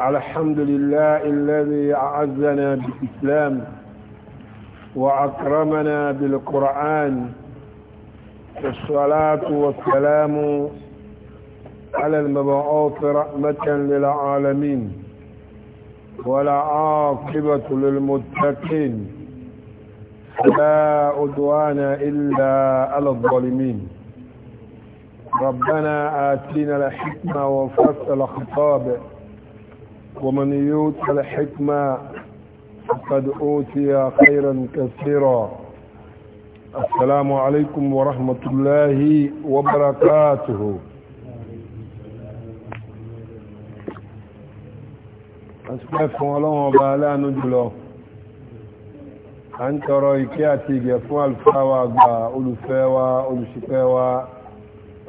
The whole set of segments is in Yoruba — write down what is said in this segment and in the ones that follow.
الحمد لله الذي أعزنا بالإسلام وأكرمنا بالقرآن والصلاة والسلام على المبعوث رحمة للعالمين ولا عاقبة للمتقين لا أدوان إلا على الظالمين ربنا آتينا الحكمة وفصل خطابه ومن يوت الحكمة فقد أوتي خيرا كثيرا السلام عليكم ورحمة الله وبركاته أسكفهم الله وبالا نجله أنت رأيك أتيك فوق الفاوة أولو فاوة أولو شفاوة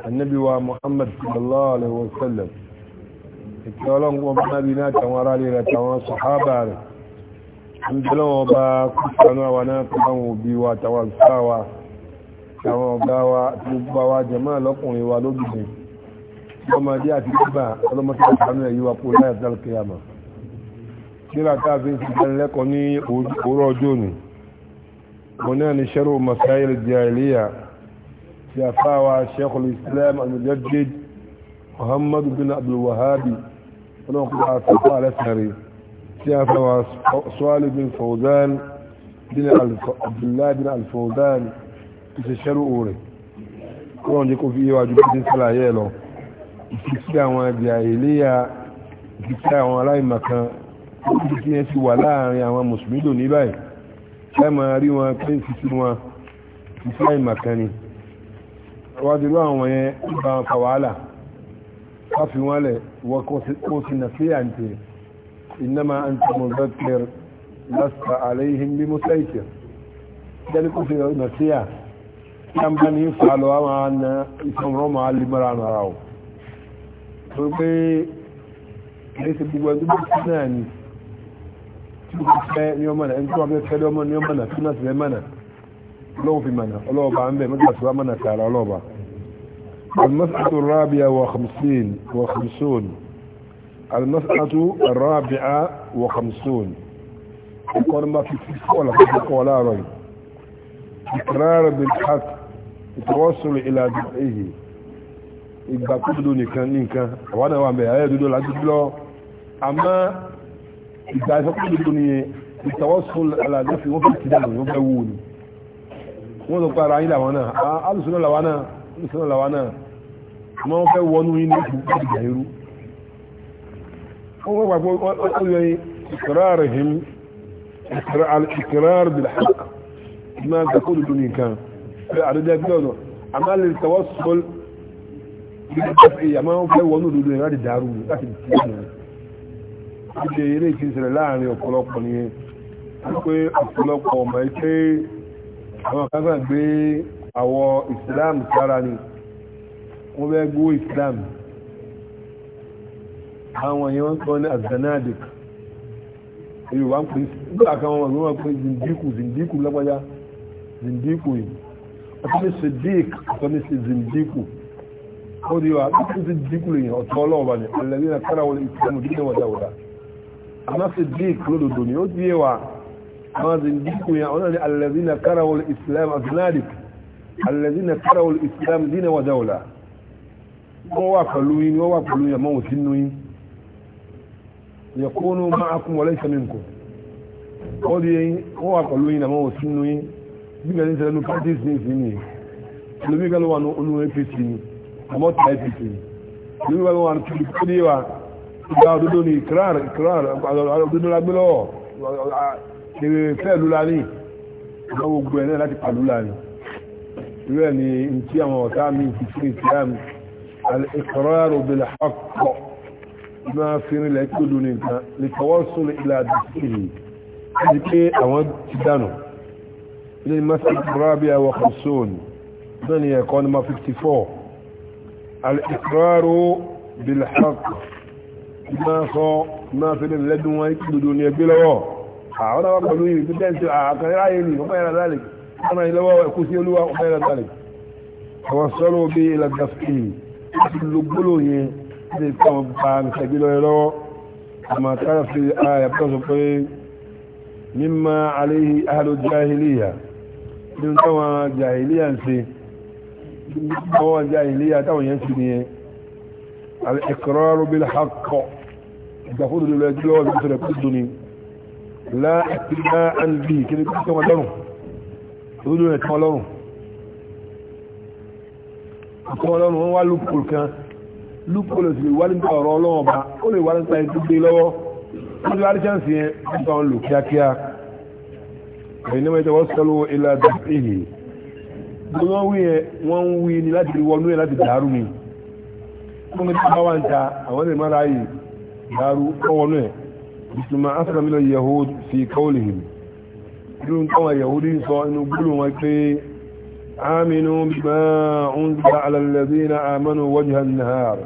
النبي محمد صلى الله عليه وسلم ìkẹ́ ọlọ́run ọba nábi náà tàwọn ará lè rẹ̀ tàwọn sọ̀hábà rẹ̀ ń bẹ́lẹ̀ wọn bá kúrò àwọn náà tàwọn òbí wa tàwọn ìsáwà tàwọn ọ̀gá wa gbogbo àwa jẹ̀mọ́ lọ́kùnrin wa lóbìnrin ọmọdé àti bíbà ọlọ́mọdé àtàwọn ẹ̀yí wa kó láyà dálùkì àmà nígbà tá a ولو قد أتقى الأسهري سيافة سؤال بن فوزان بن عبد الله الفوزان تشروا أوري wọ́n jẹ́ kó fi yé wájú pín sálàyé ẹ̀ lọ ìfisí àwọn jàhílíyà ìfisí àwọn aláìmọ̀kan ìfisí yẹn ti wà láàrin àwọn mùsùlùmí lò ní báyìí ẹ máa rí kafi wale wa kosi nasiya ce inama an ta muzakir lasta alaihim bi musaikir dan kosi nasiya kan ba ni falowa ma na isan roma alimara na rawo to pe ẹsẹ gbogbo ẹgbẹ gbogbo náà ni tí o fẹ́ ní ọmọ náà ẹni tí wọn fẹ́ fẹ́ ní ọmọ náà tí wọn fẹ́ mọnà tí wọn ọlọ́wọ́ fi mọnà ọlọ́wọ́ bá ń bẹ mọtò àti tààrà ọlọ́wọ́ bá. المسألة الرابعة وخمسين وخمسون المسألة الرابعة وخمسون يقول ما في ولا حق ولا رأي تكرار بالحق التوصل إلى دفعه إذا كنت نكان نكان وانا وأمي هيا دودو العدد أما إذا كنت التوصل على دفعه وفي اتدال وفي أول وذو قارعين لوانا أعلى سنة لوانا ìṣẹ́lẹ̀ làwa náà wọ́n fẹ́ wọnú yín ní ìṣù ìjà irú wọ́n wọ́n gbàgbọ́ ọ̀yọ́ ìkìrárihim ìkìrár bilhaq ma ga kó dúdú nìkan pé àdúdá bí ọ̀nà àmà lè tawassul ìyàmá fẹ́ wọnú dúdú yẹn láti dàrú láti dìtì ìṣẹ̀lẹ̀ ìṣe àwọn kan gbé àwọ̀ islam sára ni wọ́n bẹ́ gbó islam àwọn yẹn wọ́n sọ ní azanadik yorùbá ń pè nígbà kan wọn wọ́n pè zindiku zindiku lágbájá zindiku yìí ọ̀tọ̀ ní sidik ọ̀tọ̀ ní zindiku ó di wa ọ̀tọ̀ zindiku lè yàn ọ̀tọ̀ ọlọ́ọ̀bà ni ọ̀lẹ́bí na kára wọlé islam dídé wọ́n dáwọ́dá àmọ́ sidik lódodo ni ó di wa àwọn zindiku yẹn ọ̀nà ni alẹ́bí na kára wọlé islam azanadik الذين فروا الإسلام دين ودولة ووافلوين ووافلوين موتنوين يكونوا معكم وليس منكم قولي ووافلوين موتنوين bíbẹ̀ ní sẹ́lẹ̀ ní parties ní ìsìn ní olùbí kan ló wà ní olú apc ní àmọ́tà apc ní olùbí kan ló wà ní kìlìkìlì wa ìgbà òdodo ní ìkìrar ìkìrar òdodo la gbé lọ́wọ́ èrè fẹ́ lula ìgbà gbogbo ẹ̀ náà láti pàlú la ní irú ẹ̀ ni n tí àwọn ọ̀tá mi ti fi islam al-iqraru bil-haqq máa fi rinlẹ̀ kí odò nìkan lè tawassul ila dìkìrì ẹni pé àwọn ti dànù ilé masjid rabia wa khamsun náà ni 54 al-iqraru bil-haqq máa sọ máa fi rinlẹ̀ lẹ́dùn wọn kí odò ní ẹgbẹ́ lọ́wọ́ àwọn àwọn pẹ̀lú ìrìn tó tẹ́ǹtì àkàrẹ́ ayé أنا إلى وكوسي لوا وغير ذلك توصلوا به إلى الدفقين لقلوا هي لكم بان سبيلوا لوا كما ترى في الآية بتصف مما عليه أهل الجاهلية من توا جاهلية سي هو جاهلية توا ينسي الإقرار بالحق تقول للجلوة بسرعة الدنيا لا اتباعا به كده كده كده ìwúlò rẹ̀ kán ọlọ́run kán ọlọ́run wọ́n wá lúpùl kan lúpùl sì lè wá nípa ọ̀rọ̀ ọlọ́run ọba ó lè wá nípa ẹni tó gbé e lọ́wọ́ ó lè wá ní chance yẹn nípa òun lò kíákíá ẹ̀yìn náà mẹ́ta wọ́n sọ́lọ́ ilá dàbíhì bí wọ́n wí yẹn wọ́n ń wí ni láti wọnú yẹn láti dàrú ni wọ́n ní bá wà ń ta àwọn lè má ráyè dàrú irú táwọn yahudi ń sọ inú gúrù wọn pé aminu bímá ń zira alalazi na amanu wajen nahar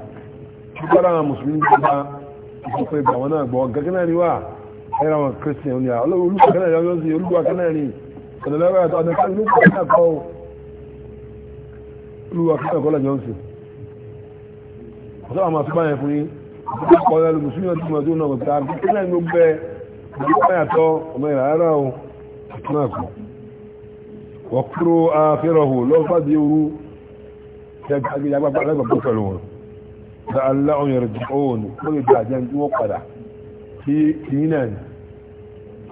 ṣíkára àwọn musulmi gbogbo ìsọpọ̀ ìgbà wọn náà gbọ́ gagana ni wà ẹ̀rọ àwọn christian ni olùkọ́ kanáà ni wọ́n sì olùkọ́ kanáà ni ọ̀dọ̀lọ́wọ́ àti ọ̀dọ̀kọ́ olùkọ́ kanáà kọ́ olùkọ́ kanáà kọ́ lọ́jọ́ sí ọ̀sọ́ àwọn àti báyẹn fún yín ọ̀dọ̀kọ́ ọ̀dọ̀lọ́ musulmi ọdún mọ̀ tó náà gbẹ̀ta ìtìmáàkù wọ̀kúrò àfẹ́rọ̀hù lọ́fàdé orú ẹgbàgbàgbàgbà pẹ̀lú wọn da aláwọn yẹ̀rẹ̀ jùlọ kó lè dà jẹ́ tí wọ́n padà kí kìínà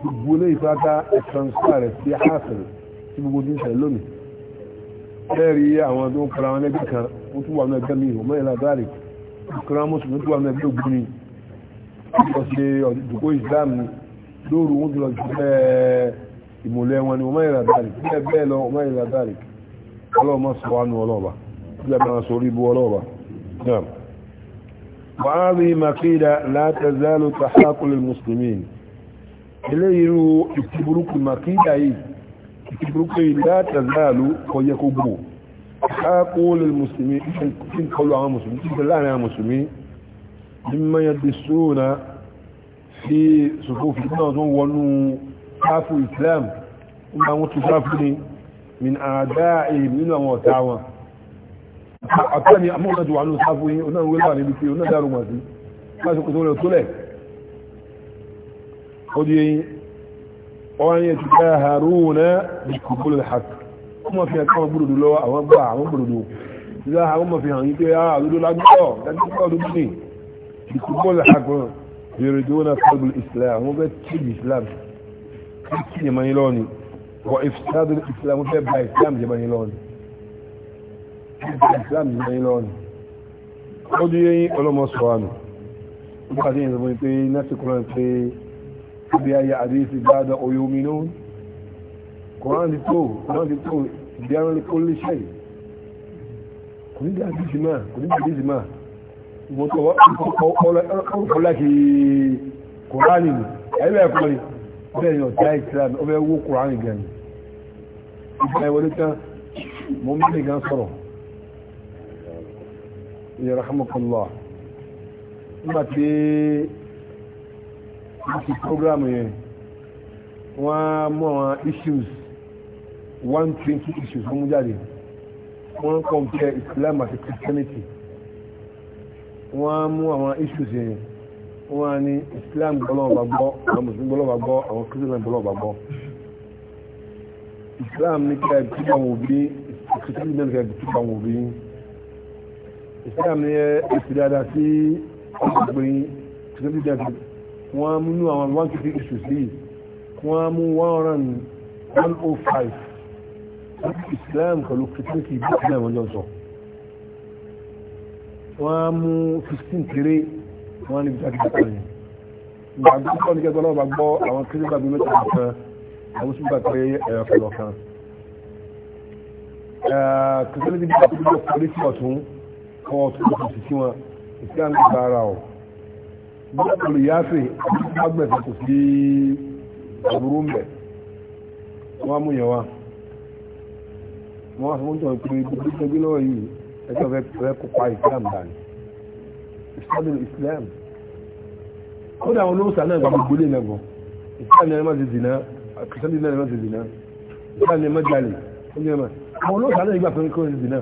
gbogbo lè fata transparent sí hasil tí gbogbo ti ń ṣẹlẹ̀ lónìí ẹ̀rí àwọn tó ń kọ́ra wọn lẹ́gbẹ̀ẹ́ ìmùlẹ̀ wọn ni wọ́n yẹ̀rà dáàlì bí ẹ bẹ́ẹ̀ lọ wọ́n yẹ̀rà dáàlì ọlọ́wọ́ mọ́ sọ́wọ́nù ọlọ́ọ̀bà bí ẹ bẹ́ẹ̀ sọ orí bu ọlọ́ọ̀bà náà wàhálì makídà látẹ̀zálù tàhákùlẹ̀ mùsùlùmí ilé irú ìkúburúkú makídà yìí ìkúburúkú yìí látẹ̀zálù kọjẹ́ kó gbò tàhákùlẹ̀ mùsùlùmí tí ń kọlu àwọn mùsùlùmí káfù islam nígbà wọn tó káfù ní min àdá èyí nínú àwọn ọ̀tá wọn àtọ́ ni amóhùnà tó wà ní káfù yìí onáà wọlé wà níbi tí onáà dárò wọn sí láti kò tó lọ tó lẹ̀ ó di eyín wọ́n yẹ ti ká haruna bí kòkòrò hàk wọ́n mọ̀ fi hàn káwọn gbòdòdó lọ́wọ́ àwọn gbà àwọn gbòdòdó ìlà àwọn mọ̀ fi hàn yí pé ah, kí ni mani lọ́ni wọ ìfisádù ìsìlámù fẹ́ bá ìsìlámù jẹ́ mani lọ́ni ìsìlámù jẹ́ mani lọ́ni ó dí yẹ́yìn O sọ̀rọ̀ nípa tí ìrìnàmọ́ pé náà kúrán pé bí ayé àdéhìsì dáadáa oyó omi náà kúrán ti tó kúrán ti tó bí a rẹ̀ kó lè ṣe kò ní bí àdéhìsì máa kò ní bí àdéhìsì máa ìwọ̀n tó wọ́n kọ́ láti kúrán nìyí ẹ̀rẹ́ ẹ̀kọ́ ni bẹ́ẹ̀ ni ọ̀tá islam ọbẹ̀ wó kùránì gan ìgbà ìwọlé tán mo mú nìkan sọ̀rọ̀ yarhamukallah nígbà tí wọ́n ti program yẹn wọ́n mú àwọn issues one twenty issues wọ́n mú jáde wọ́n compare islam àti christianity wọ́n mú àwọn issues yẹn wọ́n ní Islam gbọ́lọ́ọ̀bà gbọ́ àwọn Mùsùlùmí gbọ́lọ́ọ̀bà gbọ́ àwọn Christian gbọ́lọ́ọ̀bà gbọ́ Islam ní kí a bí àwọn òbí Christian ní kí a bí àwọn òbí Islam ní ẹ̀sìn dáadáa sí ọgbìn Christian david wọ́n mú nú àwọn one fifty issues yìí wọ́n mú one hundred one oh five wọ́n mú Islam pẹ̀lú Christian kì í bí Islam wọ́n jọ sọ wọ́n mú fifteen kéré wọ́n níbi jáde jáde rẹ̀ ìgbàgbọ́ kọ́ ní kẹgbọ́n náà bá gbọ́ àwọn kírísítà bí mẹ́ta nìkan àwọn sì gbà pé ẹ̀rọ kẹlọ kan kìrìsìtẹ́nì bí wọ́n ti gbọ́ pẹ̀lú sí ọ̀tún kọ́ ọ̀tún kò sì sí wọn ìsìlá ń gba ara ọ̀ bí wọ́n pẹ̀lú yáàfẹ́ agbẹ̀fẹ́ kò sí àbúrú mbẹ̀ wọ́n mú yẹn wá wọ́n á fọ́n tó ń pè é gbogbo ìgbẹ́ náà yìí ẹgbẹ́ fẹ́ kópa ìsìlá ń dání قبل الإسلام ó dáwọn olóòsàn náà gbogbo lè nàgbọ̀ ìsáàlì ẹ̀mọ́ ti dìná kìsànlì náà ẹ̀mọ́ ti dìná ìsáàlì ẹ̀mọ́ jalè ọjọ́ ẹ̀mọ́ àwọn olóòsàn náà ìgbà fẹ́rẹ́ kọ́ ti dìná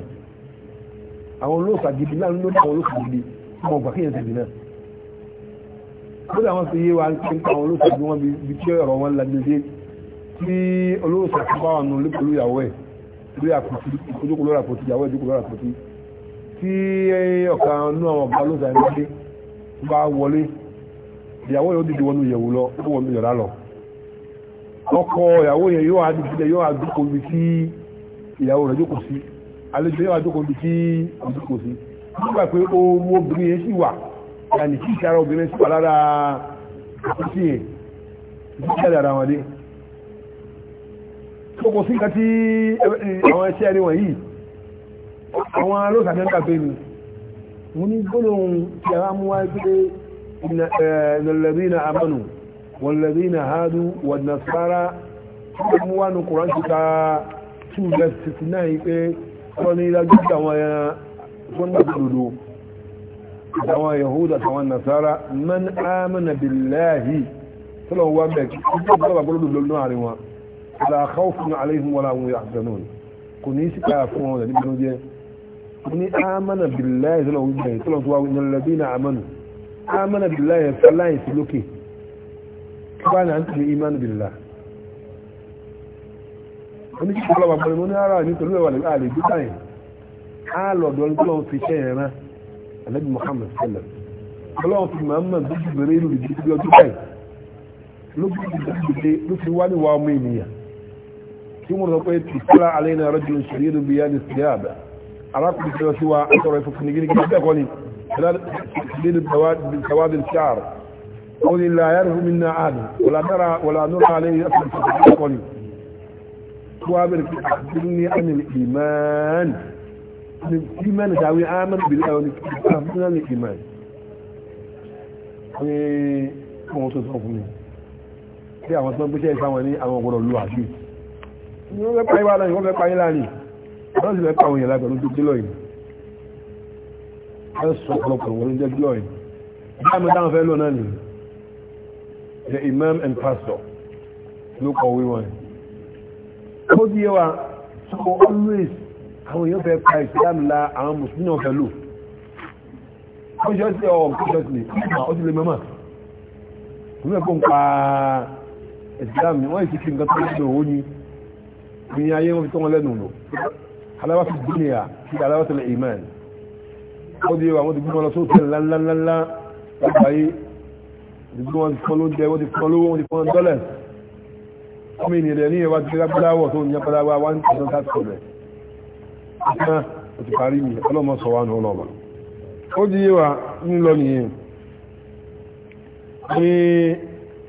àwọn olóòsàn gidi láàrin ló dáwọn olóòsàn gidi ọmọ ọgbà kéèyàn ti dìná ó dáwọn fi yé wa ń pa àwọn olóòsàn bí wọ́n bí tí ọ̀rọ̀ wọn lagbèdé tí olóòsàn ti bá wà nù lókòlóyàwó ẹ̀ lóyà kòtì tí ọ̀kan nú àwọn ọ̀gá ló sàrí wọlé bá wọlé ìyàwó yóò dìde wọnú ìyẹ̀wò lọ ó wọnú yàrá lọ ọkọ ìyàwó yẹn yóò wá dìde yóò wá jókòó bí tí ìyàwó rẹ̀ jókòó sí àlejò yóò wá jókòó bí tí ó jókòó sí nígbà pé owó obìnrin yẹn sì wà yàní kí ìṣàrà obìnrin sì wà lára àkókò yẹn ìṣẹ́ dára wọn dé kókò sí nǹkan tí àwọn ẹṣẹ́ ẹni wọ̀nyí àwọn alóòsàdẹ́ńkà pé ni mo ní gbólóhùn tí a mú wáyé pé ìnàlẹ̀bínà amánu wọ̀lẹ̀bínà hadu wọ̀nàsára tí a mú wá ní kùrán ti ta 269 pé wọ́n ní ìlàjú àwọn ẹran wọ́n gbà lòdò àwọn yahuda àwọn nasara man amana billahi tọ́lọ̀ wọ́n bẹ̀ kí ó gbọ́gbọ́ gbọ́lọ́dọ̀ lọ́nà àríwá wala khawfun alaihim wala hum yahzanun kò ní sí fún wọn níbi ló jẹ́ ní amana billahi tó lọ́wọ́ gbẹ̀yìn tó lọ́wọ́ tó wá ní ọlọ́dún ní amanu amana billahi ẹ̀fọ́ láyìn sí lókè kí bá náà ń tẹ̀lé imanu billah oní kí ọlọ́wọ́ àgbọ̀lẹ̀ mọ́ ní ara ní pẹ̀lú ẹ̀wà lè gbé báyìí á lọ́dọ̀ ní tó lọ́wọ́ fi ṣẹ́ yẹn rán alẹ́bí Muhammad sallam ọlọ́wọ́ fi Muhammad bí ti bẹ̀rẹ̀ ìlú ìdí bí ọdún báyìí ló fi wá ní wa ọmọ ènìyàn kí wọ́n sọ pé tìkúrà alẹ́ náà rọ́jò ń ṣe arákùnrin tí lọ sí wa sọ̀rọ̀ ìfòfin ní gírígírí bẹ́ẹ̀ kọ́ ni ṣẹlẹ́dẹ̀ ṣáàrù ó ní láyárí fún mi náà àdì wàládàra wàlánúra alẹ́ ìyàtọ̀ ìfòfin kọ́ ni wá bẹ̀rẹ̀ pé àdúrú ní àmì ìmáàni ní ìmáàni tàbí àmàlì bìrì àwọn ìpàdé ní ìmáàni ní ọmọ tó sọ wọ́n sì fẹ́ pa àwọn èèyàn lágbàá lójú kílọ̀ yìí wọ́n sọ ọ̀pọ̀lọpọ̀ wọ́n jẹ́ kílọ̀ yìí dáàmì dáàmì fẹ́ lọ náà nìyí the imam and pastor ló kọ̀wé wọn ó di yẹ wa so always àwọn èèyàn fẹ́ pa ìsìlámù la àwọn mùsùlùmí náà fẹ́ lò ó ṣe ọ́sẹ̀ ọ̀ kọ́ṣọ́sì ó ti lè mọ́mà wọ́n fẹ́ kó ń pa ìsìlámù ni wọ́n ìsìkí nǹkan tó ń lò ó ní ìyẹn ayé wọn fi tọ́ wọn lẹ́nu lò حلاوة الدنيا في حلاوة الإيمان ودي وعمود بما رسول لا لا لا لا أي يقولون يقولون دي ودي يقولون يقولون دولار أمين يلانية ودي ربلا وطون يبلا وان تسلت هتكبه أما وتقاريني ألو ما صوان هو نوما ودي وعمود لوني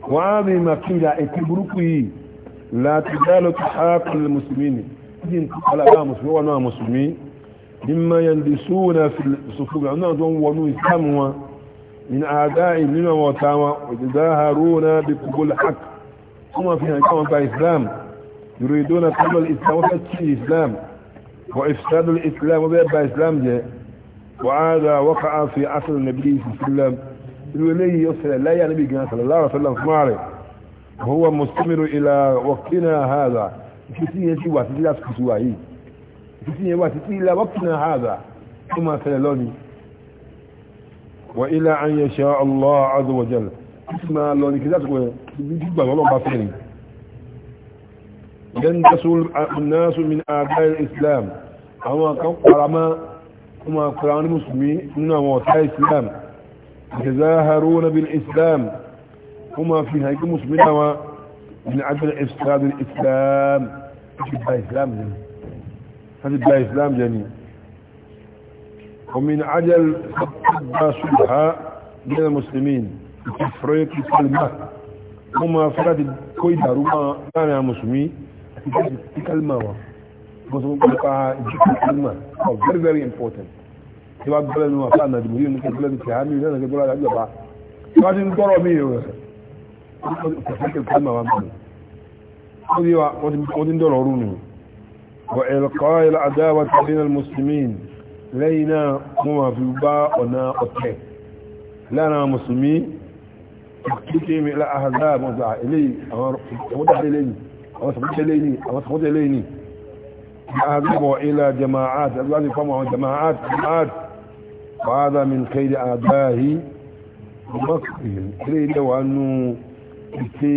وعظم كيلا اتبركي لا تزال تحاق المسلمين jin alaba musulmi wa náà musulmi mimma yandisuna fi sufuga náà tó ń wọnú islam wa min àdáì nínú àwọn ọ̀tá wa ìdáharuna bí kúkúlù hak wọ́n máa fi hàn kí wọ́n gba islam yuriduna tábàl islam wọ́n fẹ́ tí islam wa ifsadul islam wọ́n fẹ́ ba islam jẹ́ wa àdá wọ́kà á fi asàlù nàbí islam irú eléyìí yóò ṣẹlẹ̀ láyé àníbì gan sallallahu alaihi wa sallam fún ààrẹ وهو مستمر إلى وقتنا هذا ìfisí yẹn ti wà títí lásìkò ti wà yìí ìfisí yẹn wà títí ilà wọ́pùnà àdà tó máa fẹ́rẹ̀ lọ́ni wà ilà an yasha Allah azza wa jalla títí máa lọ ní kí lásìkò yẹn ibi tí gbà lọ́lọ́ bá kuma fi haƙi musulmi dawa من أجل إفساد الإسلام حتبقى إسلام جميل حتبقى إسلام جميل ومن أجل حتبقى صلحة من المسلمين التفريق الكلمة هما فرد كويدة ربما كان مسلمي الكلمة مسلم قلقها الكلمة أو very very important تبقى بلد وفانا جمهورين كبلد كهامي لأنك بلد عجبا تبقى تنطروا ميه tafsir kalma wa mọ̀ kódí wa wọ́n ti ń dọ̀rọ̀ rú nù wọ ẹ̀lọ́kọ́ ilá àdáwà tàbí na muslimin lẹ́yìn náà wọ́n wà fi bá ọ̀nà ọ̀tẹ̀ lára musulmi kíkẹ́ mi ilá àhàzá mọ́ta eléyìí àwọn sọ̀kútẹ́ lẹ́yìn àwọn sọ̀kútẹ́ lẹ́yìn àwọn sọ̀kútẹ́ lẹ́yìn أذهبوا إلى جماعات أذهبوا فمعوا جماعات جماعات وهذا من خير آبائه ومكرهم إليه وأنه ìṣe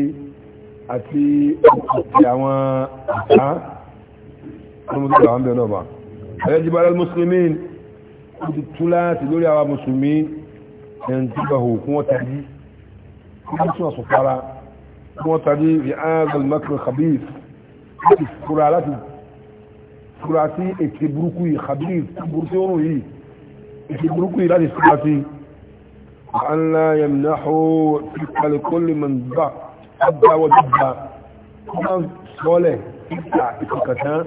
àti àti àwọn àṣà ọmọdé àwọn bẹ̀rẹ̀ náà bá ẹ̀yẹ́jìbá alẹ́ mùsùlùmí ó ti tú láti lórí àwọn mùsùlùmí ẹni tí bá hù kún wọ́n tají kí tún àṣọ fara kún wọ́n tají rí áàgùn makar khabif láti fura láti fura sí ètè burúkú yìí khabif burúkú yìí láti fura sí أن لا يمنحوا لكل من ضع أبا وجبا كما صالح إبتع إفكتان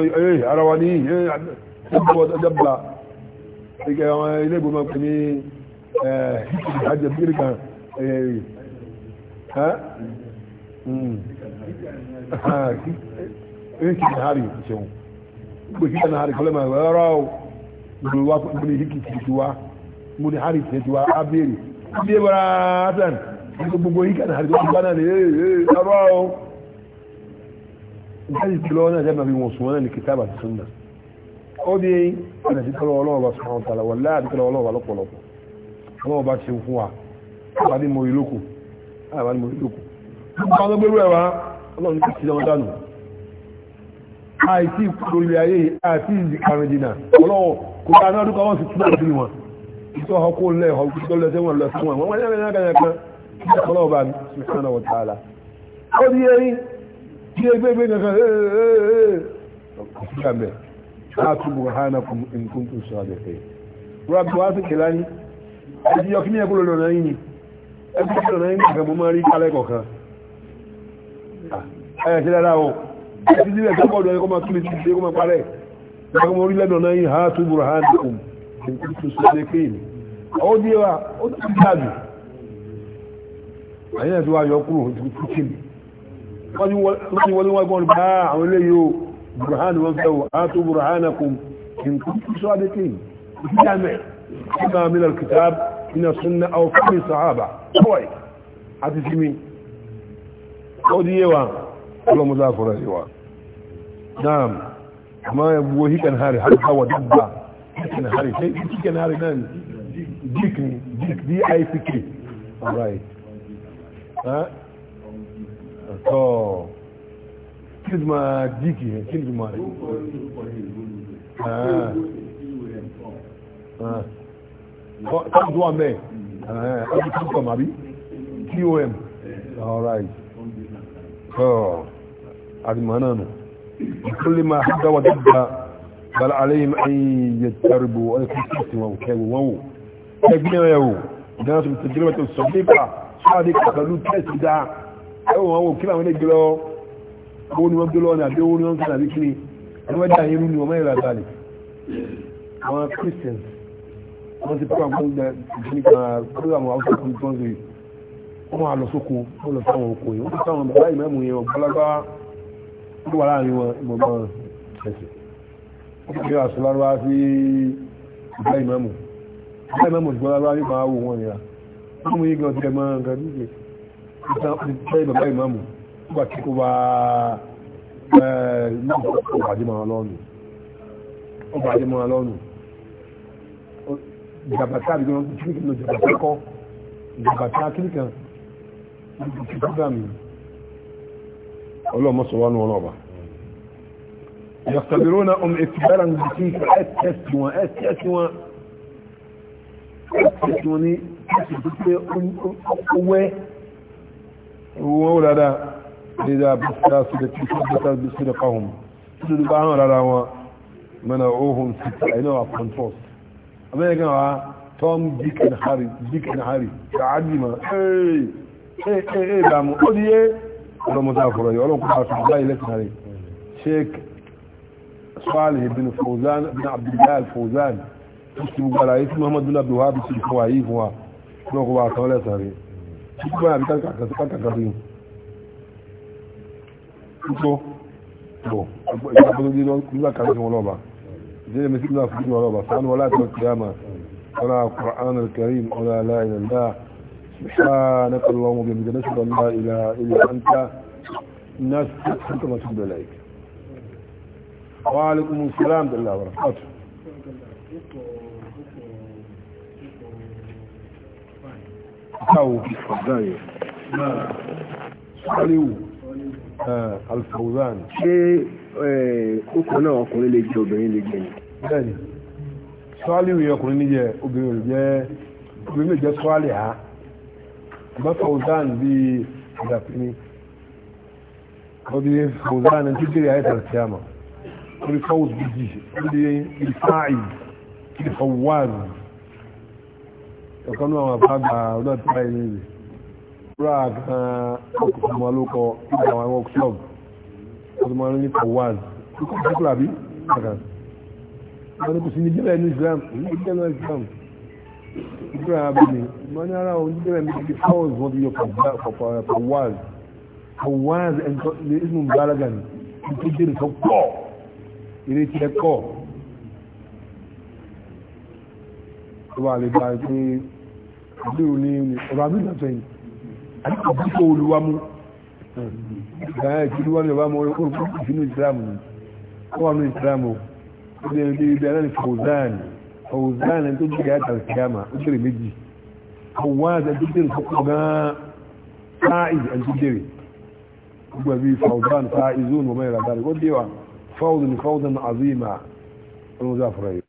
إيه أرواني إيه أبا وجبا إليه بمكني حاجة بيركا ها ها إيه كده هاري شو كده هاري كل ما يرى بالواقع بالهيك كده mo ní harris ṣe ti wá abéèrè bí ẹ bọ́ra hasan nígbà gbogbo yìí kàn harris wọ́n bá náà lè ee ọ̀rọ̀ o ìjáde tí lọ́wọ́ náà jẹ́ màbí wọn sùn wọn náà ní kìtàbà ti sùn ó di ọ̀nà tí kọ́lọ́ ọlọ́wọ́ bá sùn àwọn tààlà wọ̀ láàbí kọ́lọ́ ọlọ́wọ́ bá lọ́pọ̀lọpọ̀ ọlọ́wọ́ bá ṣe fún wa àbádé mọ ìlókù àbádé mọ ìlókù nípa ọdún gbérú ẹ̀wà ọlọ́run ti ṣe ọdún dànù ọlọ́wọ́ ìtọ́ ọkọ lẹ́ ọkọ tó lọ sẹ́wọ̀n lọ sẹ́wọ̀n wọ́n wọ́n yẹ́ lẹ́yìn kan kan ọlọ́ọ̀bá subhanahu wa ta'ala ó di ẹyin tí ẹgbẹ́ ẹgbẹ́ kankan ẹ̀ẹ́ẹ̀ẹ́ láti burhanakum in kuntum sadiqin rabbi wa ti kìlá ní ẹjí yọ kí ní ẹkùn lọ́nà yìí ni ẹkùn lọ́nà yìí nìkan mo máa rí kálẹ̀ kọ̀ọ̀kan ẹ̀yà sí dára o ẹ̀sí sílẹ̀ sọ́kọ̀ọ́dọ̀ ẹ̀kọ́ máa túnlẹ̀ sí ẹ̀kọ́ máa parẹ́ ẹ̀kọ́ máa rí lẹ́nà yìí ha tu burhanakum ètò ìṣẹ̀lẹ̀ kéèmì ó dé wa ó ti dá jù àyè náà tí wàá yọ kúrò ojú kíkìm wọ́n ti wọlé wọn gbọ́n bá àwọn eléyìí o burhan wọn fẹ́ o àtò burhanakum nǹkan tó ṣọ́ọ́dẹ́ kéèmì ìdí àmẹ́ ìgbà mílẹ̀ kìtàb iná súnná àwọn fúnmi sàhábà kọ́ọ̀ì àti sinmi ó dé wa ọlọ́mọdé àfọ̀rọ̀ sí wa náà àmọ́ ẹ̀bùwọ̀ hìkan hàrí hàrí hàwà dábàá kíkẹ́ náà harry ṣe kíkẹ́ náà harry náà dick ni dick d-i-c-k alright ọ̀tọ̀ kí ni tuma dick yẹn kí ni tuma rẹ̀ tọ́jú tom alright ọ̀ àdìmọ́ náà nù ìkúlẹ̀ máa dáwọ́ dáadáa. بل عليهم أن يتربوا ويكسسوا وكانوا تجنوا يو ناس بالتجربة الصديقة صادقة قالوا تسدع أو هو كلا من يجلو قول ما بدلو أنا بيقول يوم كان بكني أنا ما داهمني وما إلى ذلك ما كريستيانز ما سيبقى أقول ده جني كل ما أوصل كم تونزي وما على سوكو ولا سامو كوي ولا سامو بلاي ما مو يوم بلا بلا ولا أنا ما ما bí àṣọ lárúbá sí ìgbà ìmọ̀mù ìgbà ìmọ̀mù ṣùgbọ́n lárúbá ní máa wò wọ́n nira wọ́n mú yí gan tẹ́ máa nǹkan ní ìgbà ìbàbá ìmọ̀mù nígbà tí kò bá ọbàdìmọ̀ ọlọ́nu ìjàbàtà àbí gan kíríkì lọ ìjàbàtà kọ́ ìjàbàtà kíríkì kan ìjàbàtà mi ọlọ́mọ sọ wá nù ọlọ́ọ̀bà يختبرون أم إكبارا بكيف أتسوى أتسوى أتسوني أتسوى أم وولدا إذا بس صدقت بصدقهم تدل بعمل على منعوهم ستة عينوا أفنتروس أما يقول توم ديك نهاري ديك نهاري تعلم إيه إيه إيه بامو أولي رمضان فرعي ولو كنت أفضل الله إليك نهاري شيك صالح بن فوزان بن عبد الله الفوزان اسمه قال اسمه محمد بن عبد الوهاب في الفوايف هو لو هو طالع ساري شكرا على كذا كان كان كان تو تو ابو دي لو كل كان في ولوبا زي ما لا في ولا ولوبا سبحان ولا القيامه ولا القران الكريم ولا لا اله الا الله سبحانك اللهم وبحمدك نشهد ان لا اله الا انت نستغفرك ونتوب اليك wa alaikum salam da Allah barakatu kawo zai saliwu alfauzan ṣe ọkọ̀ náà ọkùnrin lè jẹ obìnrin lè jẹ bẹ́ẹ̀ni saliwu yẹ ọkùnrin lè jẹ obìnrin lè jẹ obìnrin lè jẹ sọ́ọ̀lì ha bá fauzan bí ìdàpínì ọdún fauzan títí rí ayé tàbí الفوز بالجيش الفاعل الفواز ọ̀kan náà wọ́n bá gba ọdọ́ tí wáyé ní ìlú prague ọkùnrin ọmọlókọ ìgbà àwọn workshop ọdún mọ́rin ní fawaz ikú ìdíkùlà bí ọ̀kan wọ́n ní kò sí ní jílẹ̀ ní islam ní jílẹ̀ ní islam ìgbà abẹ́ni wọ́n ní ìrètí ẹ̀kọ́ tó wà lè bá pé àbúrò ní ọba àbúrò lọ́sọ̀ yìí àdúgbò bíkọ́ olúwámú ìgbàyà ìpínlẹ̀ ní ọba mọ́ ìfínú ìsìlámù ó wà ní ìsìlámù ó bẹ̀rẹ̀ bí ibi aláàrin fòzán fòzán ẹni tó jìgà àtà ìsìlámà ó bẹ̀rẹ̀ méjì àwọn àti ẹni tó bẹ̀rẹ̀ sọ́kọ̀ gan-an fáìz ẹni tó bẹ̀rẹ̀ gbogbo ẹ̀bí fòzán fáìzón wọ́n mẹ́rin àtàrí ó dé wa فوضا فوضا عظيما المزافرين